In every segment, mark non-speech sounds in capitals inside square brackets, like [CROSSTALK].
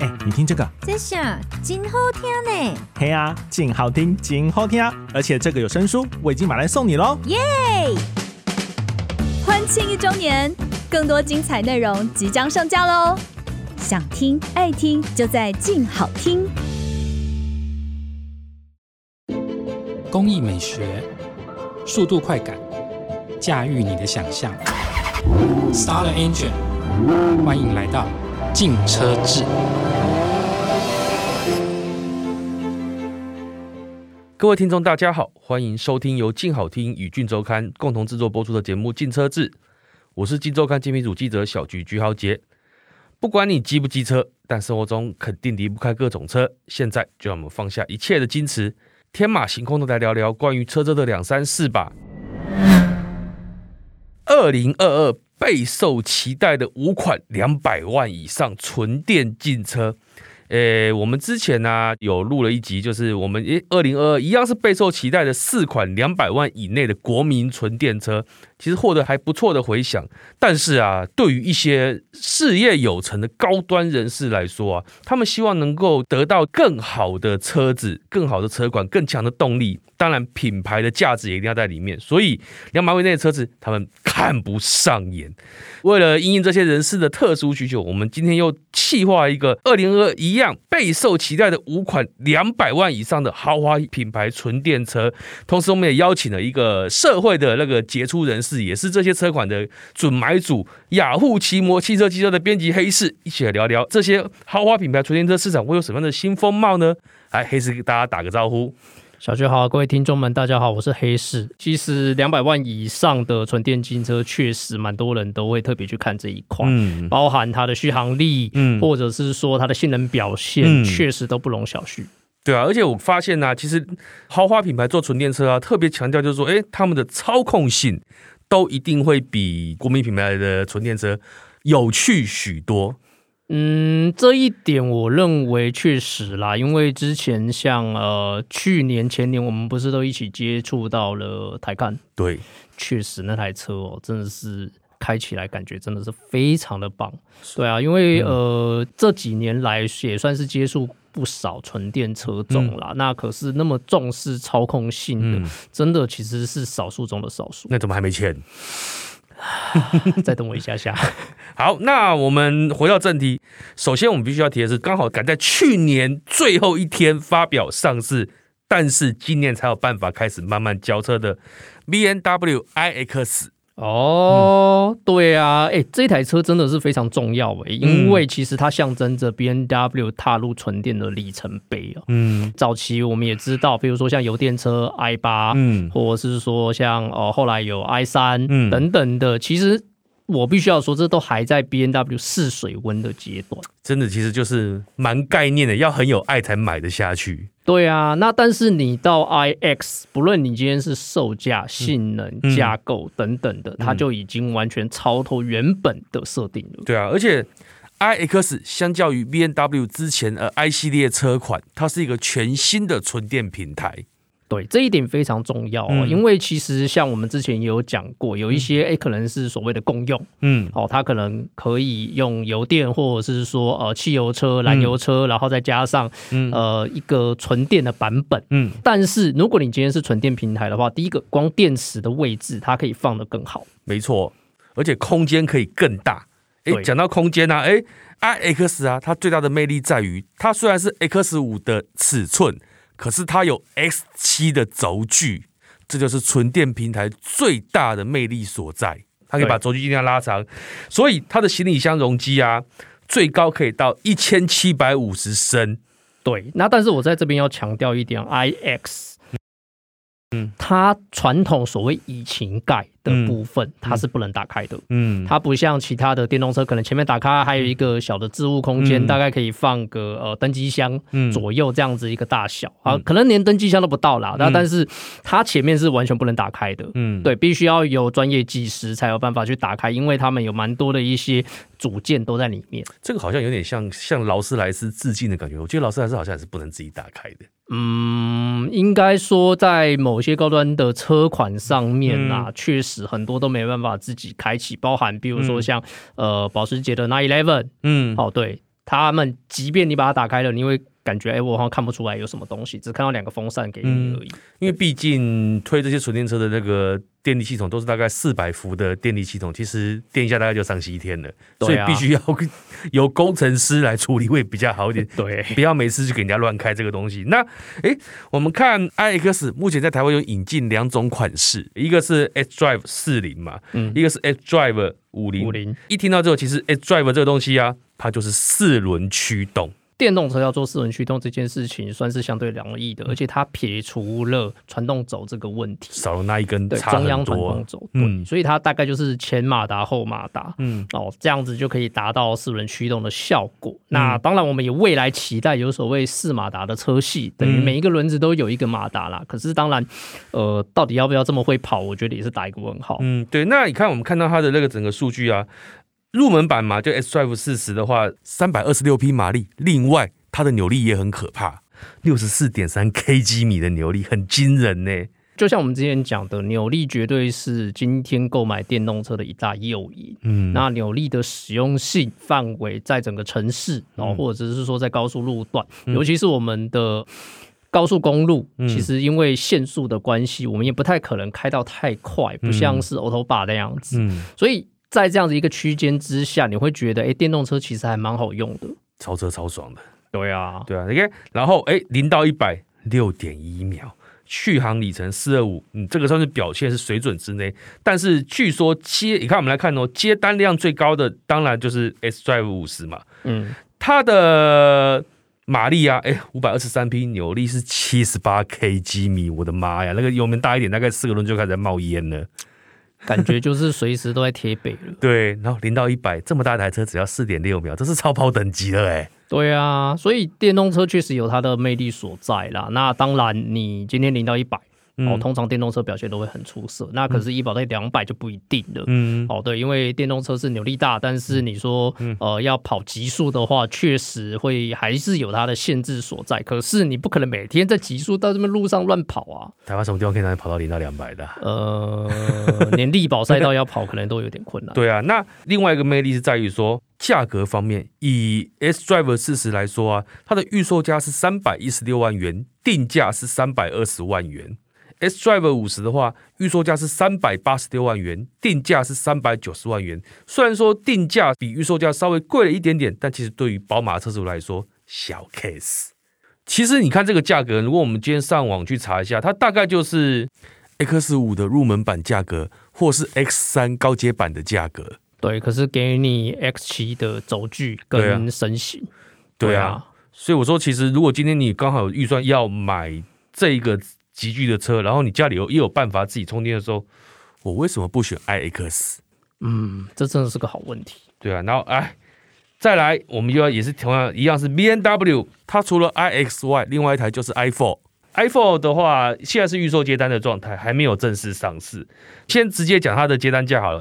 哎、欸，你聽這個，這下，真好聽呢。嘿呀、啊，靜好聽，靜好聽啊！而且這個有聲書我已經買來送你嘍。耶！Yeah! 歡慶一周年，更多精彩內容即將上架嘍。想聽愛聽就在靜好聽。工藝美學，速度快感，駕馭你的想象。Star Angel，歡迎來到。鏡車誌。各位聽眾，大家好，歡迎收聽由鏡好聽與《鏡週刊》共同製作播出的節目《鏡車誌》，我是《鏡週刊》精品組記者小菊菊豪傑。不管你機不機車，但生活中肯定離不開各種車。現在就讓我們放下一切的矜持，天馬行空的來聊聊關於車車的兩三事吧。二零二二，備受期待的五款兩百萬以上純電進車，誒、欸，我們之前呢、啊、有錄了一集，就是我們誒二零二二一樣是備受期待的四款兩百萬以內的國民純電車。其實獲得還不錯的回響，但是啊，對於一些事業有成的高端人士來說啊，他們希望能夠得到更好的車子、更好的車款、更強的動力，當然品牌的價值也一定要在裡面。所以兩百萬以內的車子他們看不上眼。為了因應這些人士的特殊需求，我們今天又企劃一個二零二二一樣備受期待的五款兩百萬以上的豪華品牌純電車，同時我們也邀請了一個社會的那個傑出人士，也是這些車款的準買主，雅虎奇摩汽車機車的編輯黑市，一起來聊聊這些豪華品牌純電車市場會有什麼樣的新風貌呢？來，黑市給大家打個招呼，小薛好，各位聽眾們，大家好，我是黑市。其實兩百萬以上的純電汽車確實蠻多人都會特別去看這一塊，嗯，包含它的續航力，嗯，或者是說它的性能表現，嗯、確實都不容小覷，對啊。而且我發現呢、啊，其實豪華品牌做純電車啊，特別強調就是說，哎，他們的操控性。都一定會比國民品牌的純電車有趣許多。嗯，這一點我認為確實啦，因為之前像呃去年前年我們不是都一起接觸到了 Taycan？對，確實那台車哦，真的是開起來感覺真的是非常的棒。是對啊，因為、嗯、呃這幾年來也算是接觸。不少純電車種啦，嗯、那可是那麼重視操控性的，嗯、真的其實是少數中的少數。那怎麼還沒簽？再等我一下下。 [LAUGHS] 好，那我們回到正題。首先，我們必須要提的是，剛好趕在去年最後一天發表上市，但是今年才有辦法開始慢慢交車的 BMW iX。IX 哦，oh, 嗯、對啊，哎、欸，這台車真的是非常重要哎、欸，因為其實它象徵着 BMW 踏入純電的里程碑、喔。嗯，早期我們也知道，比如說像油電車 i8，嗯，或者是說像哦、喔、後來有 i3，嗯，等等的，其實。我必須要說，這都還在 BMW 試水溫的階段。真的，其實就是蠻概念的，要很有愛才買得下去。對啊，那但是你到 I X，不論你今天是售價、性能、架構等等的，它、嗯、就已經完全超脫原本的設定了。對啊，而且 I X 相較於 BMW 之前而 I 系列車款，它是一個全新的純電平台。對，這一點非常重要。哦，嗯、因為其實像我們之前也有講過，有一些、嗯、誒可能是所謂的共用，嗯，哦，它可能可以用油電或者是說呃汽油車、燃油車，嗯、然後再加上、嗯、呃一個純電的版本，嗯。但是如果你今天是純電平台的話，第一個，光電池的位置它可以放的更好，沒錯，而且空間可以更大。誒，對講到空間呢、啊，誒，i、啊、x 啊，它最大的魅力在於，它雖然是 x 五的尺寸。可是它有 X 七的軸距，這就是純電平台最大的魅力所在。它可以把軸距儘量拉長，對所以它的行李箱容積啊，最高可以到一千七百五十升。對，那但是我在這邊要強調一點，I X。嗯，它傳統所謂引擎蓋的部分，它是不能打開的。嗯，嗯，它不像其他的電動車，可能前面打開，還有一個小的置物空間，嗯嗯、大概可以放個呃登機箱左右這樣子一個大小啊，可能連登機箱都不到啦。那、嗯、但是它前面是完全不能打開的。嗯，對，必須要有專業技師才有辦法去打開，因為他們有蠻多的一些組件都在裡面。這個好像有點像向勞斯萊斯致敬的感覺，我覺得勞斯萊斯好像是不能自己打開的。嗯。應該說，在某些高端的車款上面啊，嗯、確實很多都沒辦法自己開啟，包含比如說像、嗯、呃，保時捷的911，嗯，哦，對他們，即便你把它打開了，你會。感覺哎、欸，我好像看不出來有什麼東西，只看到兩個風扇給你而已。嗯、因為畢竟推這些純電車的那個電力系統都是大概四百伏的電力系統，其實電一下大概就上西天了，啊、所以必須要由工程師來處理會比較好一點。對，不要每次去給人家亂開這個東西。那哎、欸，我們看 iX 目前在台灣有引進兩種款式，一個是 xDrive 四零嘛，嗯，一個是 xDrive 五零五零。一聽到之後，其實 xDrive 這個東西啊，它就是四輪驅動。電動車要做四輪驅動這件事情，算是相對容易的，嗯、而且它撇除了傳動軸這個問題，少了那一根對中央傳動軸，嗯對，所以它大概就是前馬達後馬達，嗯哦，這樣子就可以達到四輪驅動的效果。嗯、那當然，我們也未來期待有所謂四馬達的車系，等於、嗯、每一個輪子都有一個馬達啦。可是，當然，呃，到底要不要這麼會跑，我覺得也是打一個問號。嗯，對，那你看我們看到它的那個整個數據啊。入門版嘛，就 S Drive 四十的話，三百二十六匹馬力，另外它的扭力也很可怕，六十四點三 K 級米的扭力很驚人呢、欸。就像我們之前講的，扭力絕對是今天購買電動車的一大誘因。嗯，那扭力的使用性範圍在整個城市哦，或者是說在高速路段，嗯、尤其是我們的高速公路，其實因為限速的關係，我們也不太可能開到太快，不像是歐洲 t 那樣子，嗯、所以。在這樣子一個區間之下，你會覺得哎、欸，電動車其實還蠻好用的，超車超爽的，對啊，對啊。o、okay? k 然後哎，零到一百六點一秒，續航里程四二五，嗯，這個算是表現是水準之內。但是據說接你看，我們來看哦，接單量最高的當然就是 xDrive 五十嘛，嗯，它的馬力啊，哎、欸，五百二十三匹，扭力是七十八 k g 米，我的媽呀，那個油門大一點，大概四個輪就開始冒煙了。 [LAUGHS] 感覺就是隨時都在貼背了。對，然後零到一百這麼大台車只要四點六秒，這是超跑等級了欸。對啊，所以電動車確實有它的魅力所在啦。那當然，你今天零到一百。哦，通常電動車表現都會很出色，嗯、那可是醫保在兩百就不一定了。嗯，哦，對，因為電動車是扭力大，但是你說、嗯、呃要跑極速的話，確實會還是有它的限制所在。可是你不可能每天在極速到這邊路上亂跑啊。台灣什麼地方可以讓你跑到零到兩百的、啊？呃，連力保麗寶賽道要跑可能都有點困難。 [LAUGHS] 對啊，那另外一個魅力是在於說價格方面，以 S Drive r 四十來說啊，它的預售價是三百一十六萬元，定價是三百二十萬元。S, S Drive 五十的話，預售價是三百八十六萬元，定價是三百九十萬元。雖然說定價比預售價稍微貴了一點點，但其實對於寶馬車主來說小 case。其實你看這個價格，如果我們今天上網去查一下，它大概就是 X 五的入門版價格，或是 X 三高階版的價格。對，可是給你 X 七的軸距跟神形、啊。對啊，對啊，所以我說，其實如果今天你剛好預算要買這個。極巨的車，然後你家裡又又有辦法自己充電的時候，我為什麼不選 iX？嗯，這真的是個好問題。對啊，然後哎，再來，我們又要也是同樣一樣是 BMW，它除了 iX 外，另外一台就是 iFour。iFour 的話，現在是預售接單的狀態，還沒有正式上市。先直接講它的接單價好了。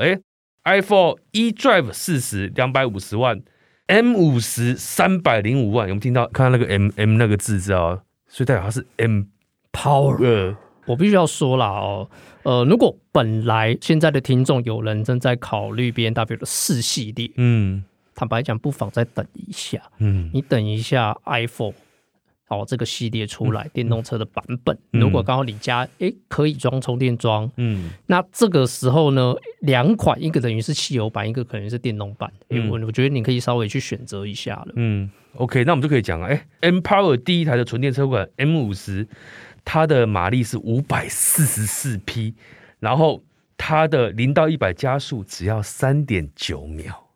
哎，iFour eDrive 四十，兩百五十萬，M 五十，三百零五萬。萬，有沒有聽到，看到那個 M、MM、M 那個字字啊，所以代表它是 M。Power，我必須要說了哦、喔，呃，如果本來現在的聽眾有人正在考慮 B M W 的四系列，嗯，坦白講，不妨再等一下，嗯，你等一下 iPhone 哦，這個系列出來、嗯嗯、電動車的版本，如果剛好你家、嗯欸、可以裝充電樁，嗯，那這個時候呢，兩款一個等於是汽油版，一個可能是電動版，嗯欸、我，我覺得你可以稍微去選擇一下了，嗯，OK，那我們就可以講了，哎、欸、M Power 第一台的純電車款 M 五十。它的馬力是五百四十四匹，然後它的零到一百加速只要三點九秒。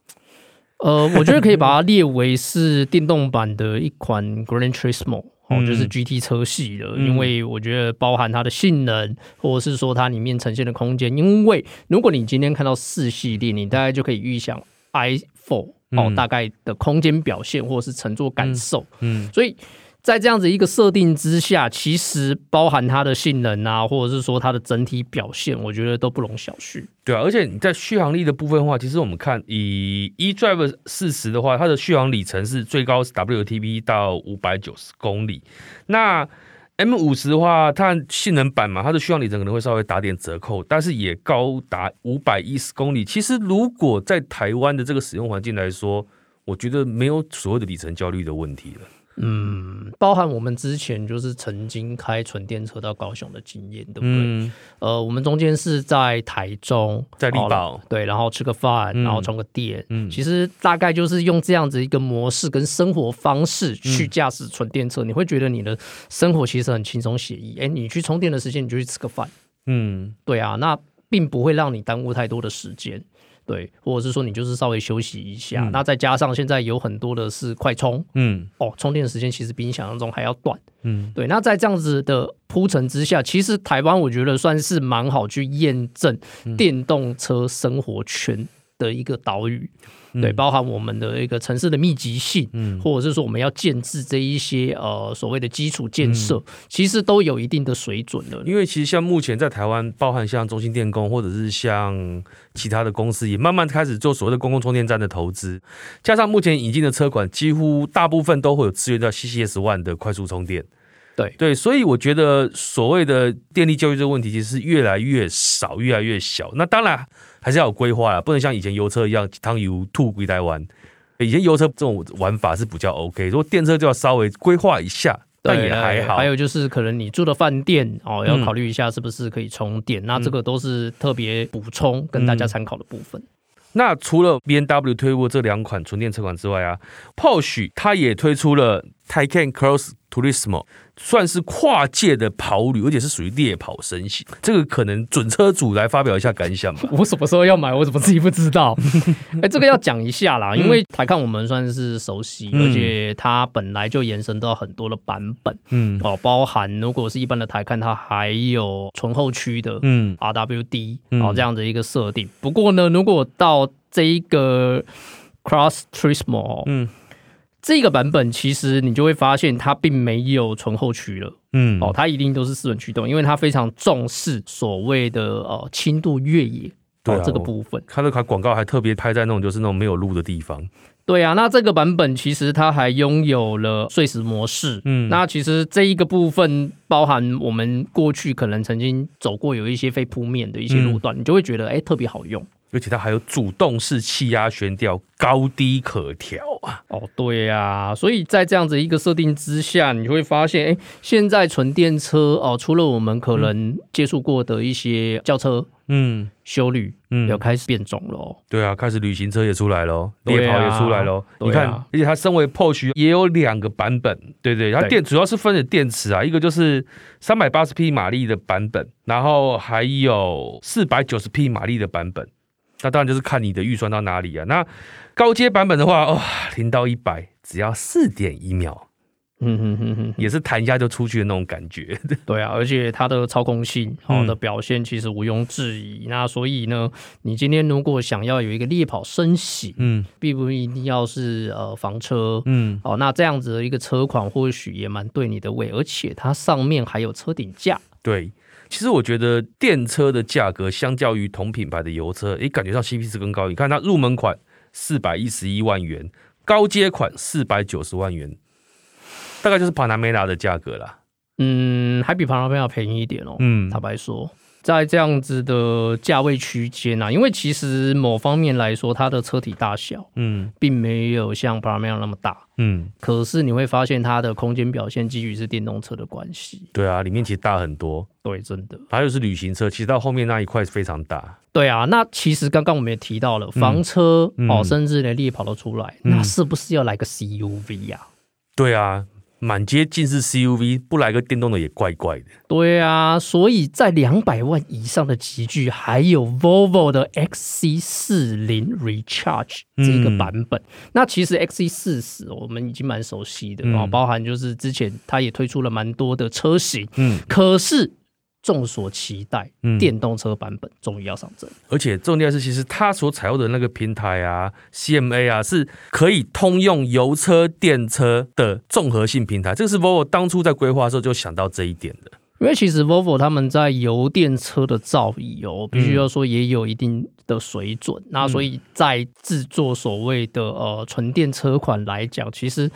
呃，我覺得可以把它列為是電動版的一款 Gran Turismo 哦，就是 GT 車系了。嗯、因為我覺得包含它的性能，或者是說它裡面呈現的空間。因為如果你今天看到四系列，你大概就可以預想 i4 哦、嗯、大概的空間表現或者是乘坐感受。嗯，嗯所以。在這樣子一個設定之下，其實包含它的性能啊，或者是說它的整體表現，我覺得都不容小覷。對啊，而且你在續航力的部分的話，其實我們看以 eDrive 四十的話，它的續航里程是最高是 WTB 到五百九十公里。那 M 五十的話，它性能版嘛，它的續航里程可能會稍微打點折扣，但是也高達五百一十公里。其實如果在台灣的這個使用環境來說，我覺得沒有所謂的里程焦慮的問題了。嗯，包含我們之前就是曾經開純電車到高雄的經驗，對不對？嗯、呃，我們中間是在台中，在麗寶，對，然後吃個飯，嗯、然後充個電。嗯，其實大概就是用這樣子一個模式跟生活方式去駕駛純電車，嗯、你會覺得你的生活其實很輕鬆寫意。誒，你去充電的時間你就去吃個飯。嗯，對啊，那。並不會讓你耽誤太多的時間，對，或者是說你就是稍微休息一下。嗯、那再加上現在有很多的是快充，嗯，哦，充電時間其實比你想象中還要短，嗯，對。那在這樣子的鋪陳之下，其實台灣我覺得算是蠻好去驗證電動車生活圈。嗯嗯的一個島嶼，對，包含我們的一個城市的密集性，嗯、或者是說我們要建置這一些呃所謂的基礎建設，嗯、其實都有一定的水準的。因為其實像目前在台灣，包含像中興電工或者是像其他的公司，也慢慢開始做所謂的公共充電站的投資，加上目前引進的車款，幾乎大部分都會有支援到 CCS One 的快速充電。對對，所以我覺得所謂的電力教育這個問題，其實是越來越少，越來越小。那當然還是要有規劃了，不能像以前油車一樣，貪油吐歸台灣。以前油車這種玩法是比較 OK，如果電車就要稍微規劃一下，但也還好。還有就是可能你住的飯店哦，要考慮一下是不是可以充電。嗯、那這個都是特別補充跟大家參考的部分。嗯、那除了 BMW 推過這兩款純電車款之外啊 Porsche 它也推出了。Taycan Cross Turismo 算是跨界的跑旅，而且是屬於獵跑神器。這個可能準車主來發表一下感想吧。 [LAUGHS] 我什麼時候要買，我怎麼自己不知道？哎、 [LAUGHS] 欸，這個要講一下啦，因為 Taycan 我們算是熟悉，嗯、而且它本來就延伸到很多的版本，嗯哦，包含如果是一般的 Taycan，它還有純後驅的 D, 嗯，嗯，RWD，然後這樣的一個設定。嗯、不過呢，如果我到這一個 Cross Turismo，嗯。這個版本其實你就會發現它並沒有純後驅了，嗯，哦，它一定都是四輪驅動，因為它非常重視所謂的哦、呃，輕度越野對啊、哦、這個部分。它的卡廣告還特別拍在那種就是那種沒有路的地方。對啊，那這個版本其實它還擁有了碎石模式，嗯，那其實這一個部分包含我們過去可能曾經走過有一些非鋪面的一些路段，嗯、你就會覺得哎特別好用。而且它還有主動式氣壓懸吊，高低可調啊！哦，對呀、啊，所以在這樣子一個設定之下，你會發現，哎、欸，現在純電車哦，除了我們可能接觸過的一些轎車，嗯，休旅律嗯，要開始變種了哦。對啊，開始旅行車也出來了，獵、啊、跑也出來了。啊、你看，啊、而且它身為 Porsche 也有兩個版本，對，對對，它電主要是分的電池啊，對一個就是三百八十匹馬力的版本，然後還有四百九十匹馬力的版本。那當然就是看你的預算到哪裡啊。那高階版本的話，哦、喔，零到一百只要四點一秒，嗯哼哼哼，也是彈一下就出去的那種感覺。對啊，而且它的操控性、嗯、哦的表現其實毋庸置疑。那所以呢，你今天如果想要有一個獵跑升級，嗯，並不一定要是呃房車，嗯，哦，那這樣子的一個車款或許也蠻對你的胃，而且它上面還有車頂架。對。其實我覺得電車的價格相較於同品牌的油車，誒，感覺上 CP 值更高。你看它入門款四百一十一萬元，高階款四百九十萬元，大概就是帕拉梅拉的價格啦。嗯，還比帕拉梅拉要便宜一點哦。嗯，坦白說。在這樣子的價位區間呢，因為其實某方面來說，它的車體大小，嗯，並沒有像 Panamera 那麼大，嗯，可是你會發現它的空間表現基於是電動車的關係，對啊，裡面其實大很多，對，真的，它又是旅行車，其實到後面那一塊是非常大，對啊，那其實剛剛我們也提到了房車保身、嗯哦、甚至連獵跑都出來，嗯、那是不是要來個 C U V 啊？對啊。滿街盡是 S U V，不來個電動的也怪怪的。對啊，所以在兩百萬以上的級距，還有 Volvo 的 X C 四零 Recharge 這個版本。嗯、那其實 X C 四十我們已經蠻熟悉的，哦，包含就是之前它也推出了蠻多的車型。嗯，可是。眾所期待電動車版本終於要上陣，嗯，而且重點是，其實它所採用的那個平台啊，CMA 啊，是可以通用油車、電車的綜合性平台。這個是 Volvo 當初在規劃的時候就想到這一點的。因為其實 Volvo 他們在油電車的造詣哦，必須要說也有一定的水準。嗯，那所以在製作所謂的呃純電車款來講，其實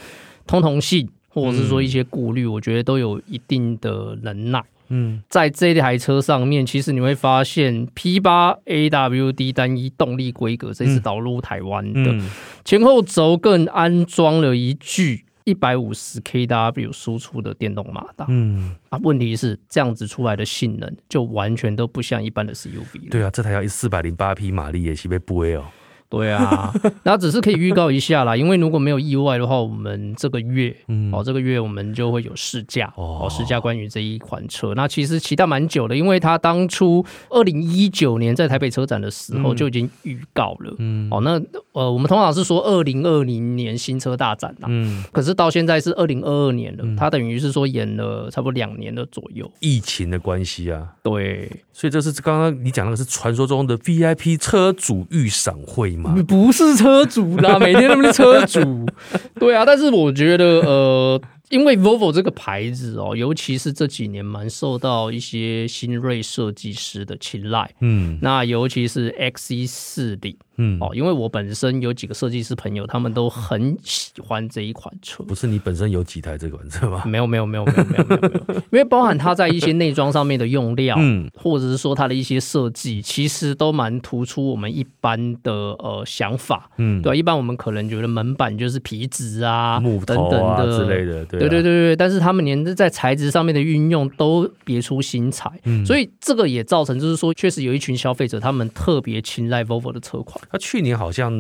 通通性或者是說一些顧慮，我覺得都有一定的能耐。嗯，在這台車上面，其實你會發現 P8 AWD 單一動力規格這次導入台灣的，嗯嗯、前後軸更安裝了一具一百五十 kW 輸出的電動馬達。嗯，啊，問題是這樣子出來的性能就完全都不像一般的 CUV。對啊，這台要四百零八匹馬力也是被不為哦。 [LAUGHS] 對啊，那只是可以預告一下啦，因為如果沒有意外的話，我們這個月，嗯、哦，這個月我們就會有試駕，哦，試駕關於這一款車。那其實期待蠻久的，因為它當初二零一九年在台北車展的時候就已經預告了，嗯，哦，那呃，我們通常是說二零二零年新車大展啦，嗯，可是到現在是二零二二年了，嗯、它等於是說延了差不多兩年的左右，疫情的關係啊，對，所以這是剛剛你講的是傳說中的 VIP 車主預賞會。不是車主啦， [LAUGHS] 每天都是車主。對啊，但是我覺得呃，因為 Volvo 這個牌子哦，尤其是這幾年蠻受到一些新銳設計師的青睞。嗯，那尤其是 XC40。嗯哦，因為我本身有幾個設計師朋友，他們都很喜歡這一款車。不是你本身有幾台這款車嗎？沒有，沒有沒有沒有沒有沒有沒有， [LAUGHS] 因為包含它在一些內裝上面的用料，嗯，或者是說它的一些設計，其實都蠻突出我們一般的呃想法，嗯，對吧、啊？一般我們可能覺得門板就是皮質啊、木頭啊等等的之類的，對，啊、對對對對。但是他們連在材質上面的運用都別出心裁，嗯，所以這個也造成就是說，確實有一群消費者他們特別青睞 Volvo 的車款。它去年好像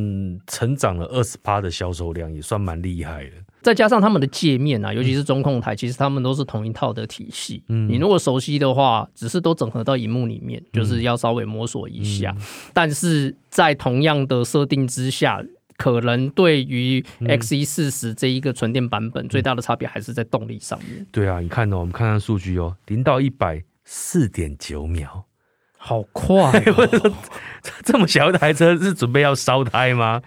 成長了二十趴的銷售量，也算蠻厲害的。再加上他們的界面啊，尤其是中控台，嗯、其實他們都是同一套的體系。嗯，你如果熟悉的話，只是都整合到熒幕裡面，就是要稍微摸索一下。嗯、但是在同樣的設定之下，可能對於 XE40 這一個純電版本，嗯、最大的差別還是在動力上面。對啊，你看哦，我們看看數據哦，零到一百四點九秒。好快哦，說，這麼小一台車是準備要燒胎嗎？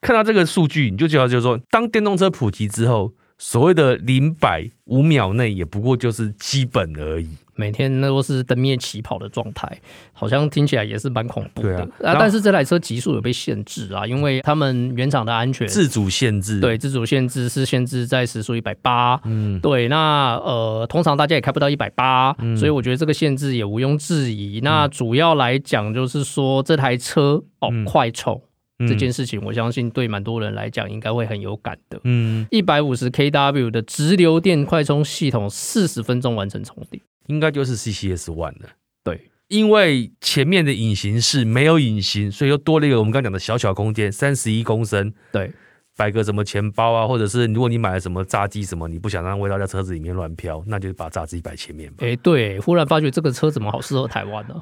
看到這個數據，你就知道，就是說，當電動車普及之後，所謂的零百五秒內，也不過就是基本而已。每天那都是燈滅起跑的狀態，好像聽起來也是蠻恐怖的啊，啊！但是這台車極速有被限制啊，因為他們原廠的安全自主限制，對，自主限制是限制在時速一百八。嗯，對，那呃，通常大家也開不到一百八，所以我覺得這個限制也毋庸置疑。嗯、那主要來講就是說這台車哦、嗯、快充、嗯、這件事情，我相信對蠻多人來講應該會很有感的。嗯，一百五十 kW 的直流電快充系統，四十分鐘完成充電。應該就是 C C S One 了，對，因為前面的引擎室沒有引擎，所以又多了一個我們剛剛講的小小空間，三十一公升。對，擺個什麼錢包啊，或者是如果你買了什麼炸雞什麼，你不想讓味道在車子裡面亂飄，那就把炸雞擺前面吧。哎、欸，對、欸，忽然發覺這個車怎麼好適合台灣呢、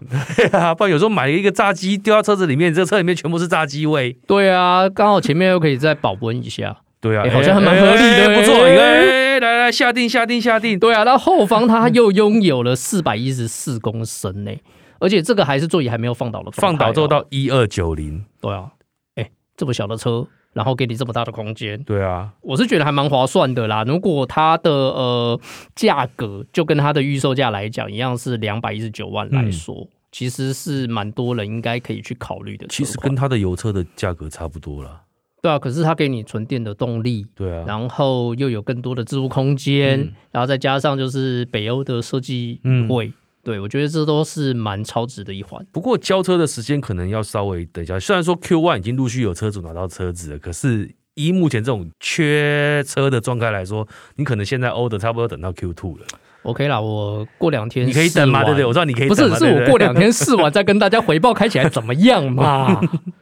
啊 [LAUGHS] 啊？不然有時候買了一個炸雞丟到車子裡面，這個、車裡面全部是炸雞味。對啊，剛好前面又可以再保溫一下。 [LAUGHS] 對啊，欸欸、好像還蠻合理的，欸欸欸欸，不錯。來，欸欸欸欸，來，下定下定下定。對啊，那後方他又擁有了四百一十四公升呢，欸， [LAUGHS] 而且這個還是座椅還沒有放倒的，啊、放倒之後到一二九零。對啊，哎、欸，這麼小的車，然後給你這麼大的空間。對啊，我是覺得還蠻划算的啦。如果它的呃價格就跟它的預售價來講一樣是兩百一十九萬來說，嗯、其實是蠻多人應該可以去考慮的。其實跟它的油車的價格差不多啦。對啊，可是它給你純電的動力，對啊，然後又有更多的置物空間，嗯、然後再加上就是北歐的設計味，對，我覺得這都是蠻超值的一環。不過交車的時間可能要稍微等一下，雖然說 Q One 已經陸續有車主拿到車子了，可是依目前這種缺車的狀態來說，你可能現在 order 差不多等到 Q Two 了。OK 啦，我過兩天你可以等嘛？對，對對？我知道你可以等，等。不是，是我過兩天試完再跟大家回報開起來怎麼樣嘛。 [LAUGHS]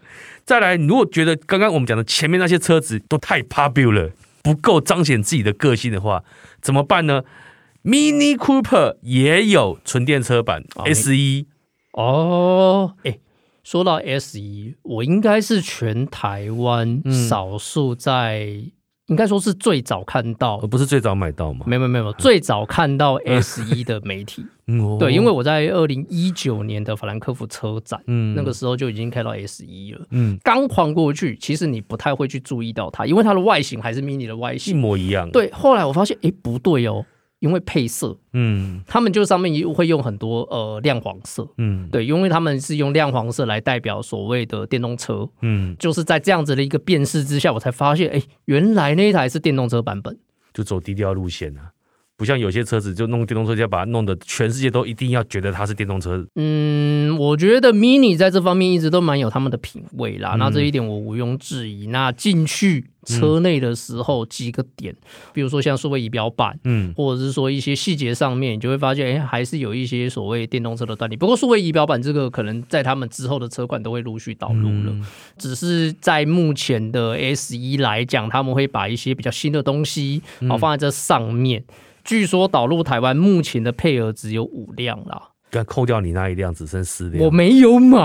再來，如果覺得剛剛我們講的前面那些車子都太 popular，不夠彰顯自己的個性的話，怎麼辦呢？Mini Cooper 也有純電車版 SE 哦。哎，說到 SE，我應該是全台灣少數在。嗯應該說是最早看到，不是最早買到嗎？沒有沒有沒有，最早看到 S 一的媒體， [LAUGHS] 對，因為我在二零一九年的法蘭克福車展，嗯、那個時候就已經開到 S 一了。嗯，剛換過去，其實你不太會去注意到它，因為它的外形還是 mini 的外形，一模一樣。對，後來我發現，哎、欸，不對哦。因為配色，嗯，他們就上面也會用很多呃亮黃色，嗯，對，因為他們是用亮黃色來代表所謂的電動車，嗯，就是在這樣子的一個辨識之下，我才發現，哎、欸，原來那一台是電動車版本，就走低調路線啊。不像有些車子就弄電動車，就要把它弄得全世界都一定要覺得它是電動車。嗯，我覺得 MINI 在這方面一直都蠻有他們的品味啦。嗯、那這一點我毋庸置疑。那進去車內的時候幾個點，嗯、比如說像數位儀表板，嗯，或者是說一些細節上面，你就會發現哎、欸，還是有一些所謂電動車的端倪。不過數位儀表板這個可能在他們之後的車款都會陸續導入了，嗯、只是在目前的 S 一來講，他們會把一些比較新的東西好、嗯、放在這上面。據說導入台灣目前的配額只有五輛啦，剛扣掉你那一輛，只剩四輛。我沒有買，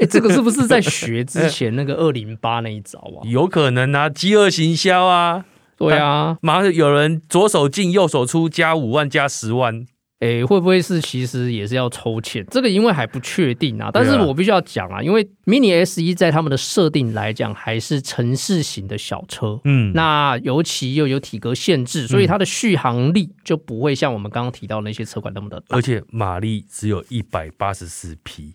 哎，這個是不是在學之前那個二零八那一招啊？有可能啊，飢餓行銷啊，對啊，馬上有人左手進右手出，加五萬加十萬。誒、欸，會不會是其實也是要抽籤？這個因為還不確定啊，但是我必須要講啊，因為 Mini SE 在他們的設定來講，還是城市型的小車，嗯，那尤其又有體格限制，所以它的續航力就不會像我們剛剛提到那些車款那麼的多，而且馬力只有一百八十四匹。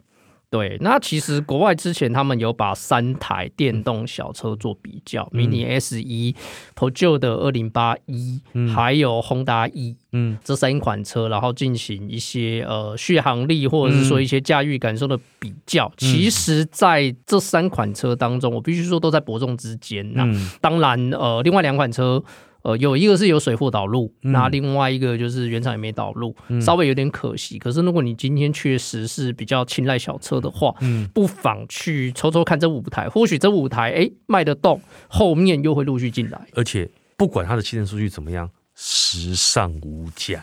對，那其實國外之前他們有把三台電動小車做比較，嗯，Mini S E，Peugeot 的208 E，還有 Honda E，嗯，這三款車，然後進行一些呃續航力或者是說一些駕馭感受的比較。嗯，其實在這三款車當中，我必須說都在伯仲之間吶，啊。嗯，當然，呃，另外兩款車。呃，有一個是有水貨導入，那另外一個就是原廠也沒導入，嗯、稍微有點可惜。可是如果你今天確實是比較青睞小車的話，嗯，不妨去抽抽看這五台，或許這五台哎、欸、賣得動，後面又會陸續進來。而且不管它的性能數據怎麼樣，時尚無價。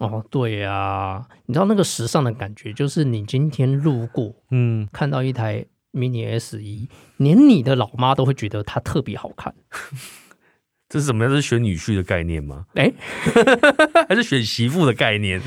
哦，對啊，你知道那個時尚的感覺，就是你今天路過，嗯，看到一台 Mini SE，連你的老媽都會覺得它特別好看。 [LAUGHS] 這是什麼樣？這是選女婿的概念嗎？哎、欸， [LAUGHS] 還是選媳婦的概念？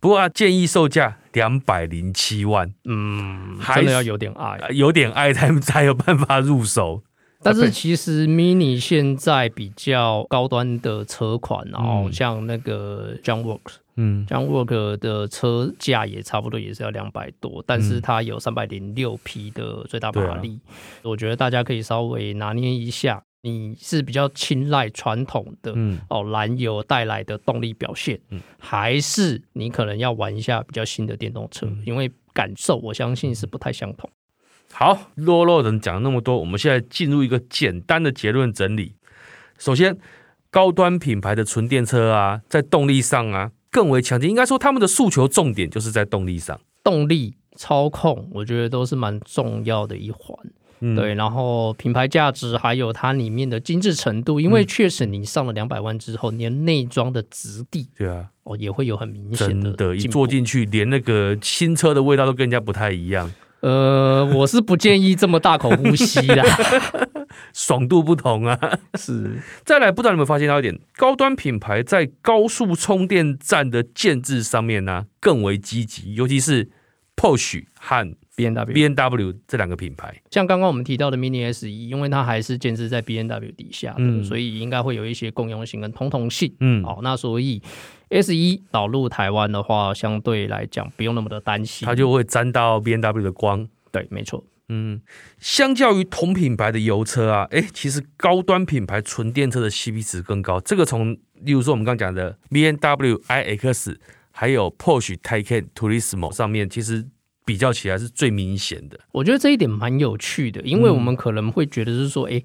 不過啊，建議售價兩百零七萬，嗯，還真的要有點愛，呃、有點愛才才有辦法入手。但是其實 Mini 現在比較高端的車款、喔，哦、嗯，像那個 John Works，嗯，John Works 的車價也差不多也是要兩百多，嗯、但是它有三百零六匹的最大馬力，啊、我覺得大家可以稍微拿捏一下。你是比較青睞傳統的、嗯、哦，燃油帶來的動力表現，嗯、還是你可能要玩一下比較新的電動車？嗯、因為感受，我相信是不太相同。好，洛洛，人講那麼多，我們現在進入一個簡單的結論整理。首先，高端品牌的純電車啊，在動力上啊更為強勁，應該說他們的訴求重點就是在動力上，動力操控，我覺得都是蠻重要的一環。嗯、對，然後品牌價值還有它裡面的精緻程度，因為確實你上了兩百萬之後，連、嗯、內裝的質地，對啊，哦，也會有很明顯的，真的，一坐進去，連那個新車的味道都跟人家不太一樣。呃，我是不建議這麼大口呼吸啦， [LAUGHS] 爽度不同啊。是，再來，不知道你們發現到一點，高端品牌在高速充電站的建制上面呢、啊，更為積極，尤其是 Porsche 和，B M W B M W 這兩個品牌，像剛剛我們提到的 Mini S E，因為它還是建置在 B M W 底下嗯，所以應該會有一些共用性跟同通,通性。嗯，好、哦，那所以 S E 導入台灣的話，相對來講不用那麼的擔心，它就會沾到 B M W 的光。對，沒錯。嗯，相較於同品牌的油車啊，哎，其實高端品牌純電車的 C P 值更高。這個從例如說我們剛,剛講的 B M W I X，還有 Porsche Taycan Turismo 上面，其實。比較起來是最明顯的，我覺得這一點蠻有趣的，因為我們可能會覺得就是說，誒、嗯欸，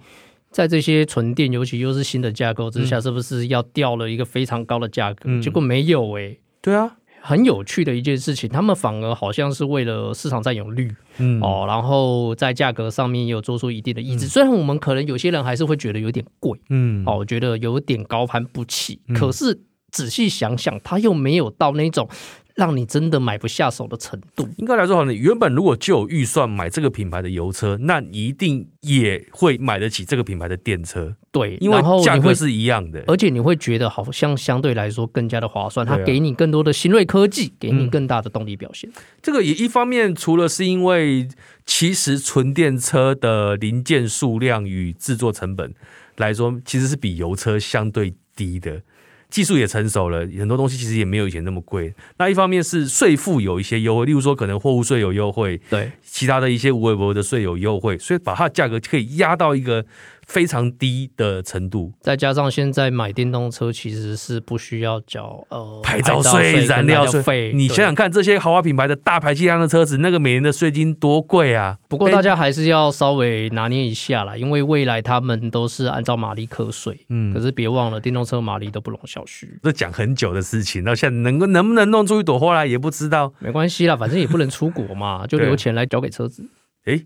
在這些純電，尤其又是新的架構之下，嗯、是不是要掉了一個非常高的價格？嗯、結果沒有、欸，哎，對啊，很有趣的一件事情，他們反而好像是為了市場佔有率，嗯哦，然後在價格上面也有做出一定的意志，嗯、雖然我們可能有些人還是會覺得有點貴，嗯哦，我覺得有點高攀不起，嗯、可是仔細想想，他又沒有到那種。讓你真的買不下手的程度，應該來說，好，你原本如果就有預算買這個品牌的油車，那一定也會買得起這個品牌的電車，對，因為價格是一樣的，而且你會覺得好像相對來說更加的划算，它給你更多的新銳科技，給你更大的動力表現。嗯，這個也一方面除了是因為其實純電車的零件數量與制作成本來說，其實是比油車相對低的。技術也成熟了，很多東西其實也沒有以前那麼貴。那一方面是稅負有一些優惠，例如說可能貨物稅有優惠，對其他的一些無謂國的稅有優惠，所以把它的價格可以壓到一個非常低的程度，再加上現在買電動車其實是不需要交呃牌照稅、照稅、燃料費。你想想看，對這些豪華品牌的、大排氣量的車子，那個每年的稅金多貴啊！不過大家還是要稍微拿捏一下啦，欸、因為未來他們都是按照馬力課稅。嗯，可是別忘了，電動車馬力都不容小覷、嗯。這講很久的事情，那現在能夠能不能弄出一朵花來也不知道。沒關係啦，反正也不能出國嘛， [LAUGHS] 對就留錢來交給車子。哎、欸，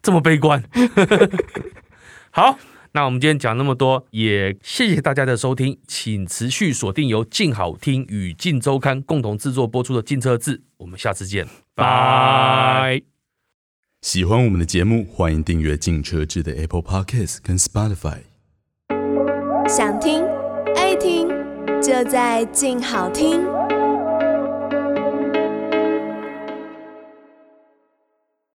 這麼悲觀。 [LAUGHS] 好，那我們今天講那麼多，也謝謝大家的收聽，請持續鎖定由靜好聽與靜周刊共同制作播出的《靜車誌》，我們下次見，拜 Bye。喜歡我們的節目，歡迎訂閱《靜車誌》的 Apple Podcast 跟 Spotify。想聽愛聽，就在靜好聽。